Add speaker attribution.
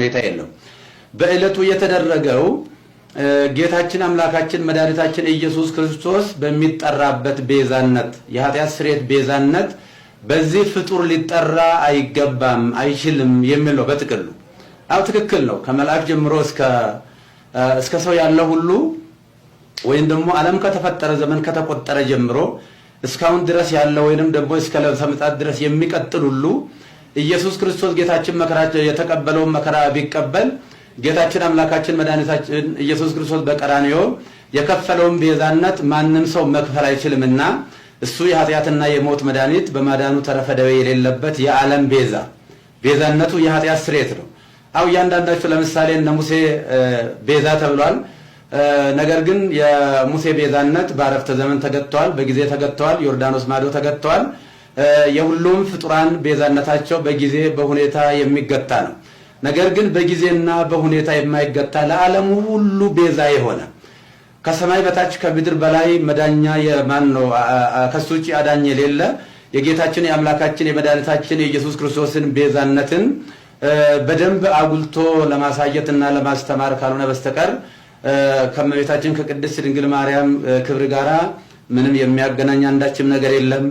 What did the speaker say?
Speaker 1: ሁኔታ የለም። በዕለቱ የተደረገው ጌታችን አምላካችን መድኃኒታችን ኢየሱስ ክርስቶስ በሚጠራበት ቤዛነት የኃጢአት ስርየት ቤዛነት በዚህ ፍጡር ሊጠራ አይገባም አይችልም የሚል ነው በጥቅሉ። አው ትክክል ነው። ከመልአክ ጀምሮ እስከ ሰው ያለ ሁሉ ወይም ደግሞ ዓለም ከተፈጠረ ዘመን ከተቆጠረ ጀምሮ እስካሁን ድረስ ያለ ወይንም ደግሞ እስከ ለብሰ ምጣት ድረስ የሚቀጥል ሁሉ ኢየሱስ ክርስቶስ ጌታችን መከራ የተቀበለውን መከራ ቢቀበል ጌታችን አምላካችን መድኃኒታችን ኢየሱስ ክርስቶስ በቀራንዮ የከፈለውን ቤዛነት ማንም ሰው መክፈል አይችልምና እሱ የኃጢአትና የሞት መድኃኒት በማዳኑ ተረፈ ደዌ የሌለበት የዓለም ቤዛ ቤዛነቱ የኃጢአት ስሬት ነው። አው እያንዳንዳችሁ ለምሳሌ እነ ሙሴ ቤዛ ተብሏል። ነገር ግን የሙሴ ቤዛነት በአረፍተ ዘመን ተገጥተዋል፣ በጊዜ ተገጥተዋል፣ ዮርዳኖስ ማዶ ተገጥተዋል። የሁሉም ፍጡራን ቤዛነታቸው በጊዜ በሁኔታ የሚገታ ነው። ነገር ግን በጊዜና በሁኔታ የማይገታ ለዓለም ሁሉ ቤዛ የሆነ ከሰማይ በታች ከምድር በላይ መዳኛ የማን ነው? ከሱ ውጭ አዳኝ የሌለ የጌታችን የአምላካችን የመድኃኒታችን የኢየሱስ ክርስቶስን ቤዛነትን በደንብ አጉልቶ ለማሳየት እና ለማስተማር ካልሆነ በስተቀር ከመቤታችን ከቅድስት ድንግል ማርያም ክብር ጋራ ምንም የሚያገናኝ አንዳችም ነገር የለም።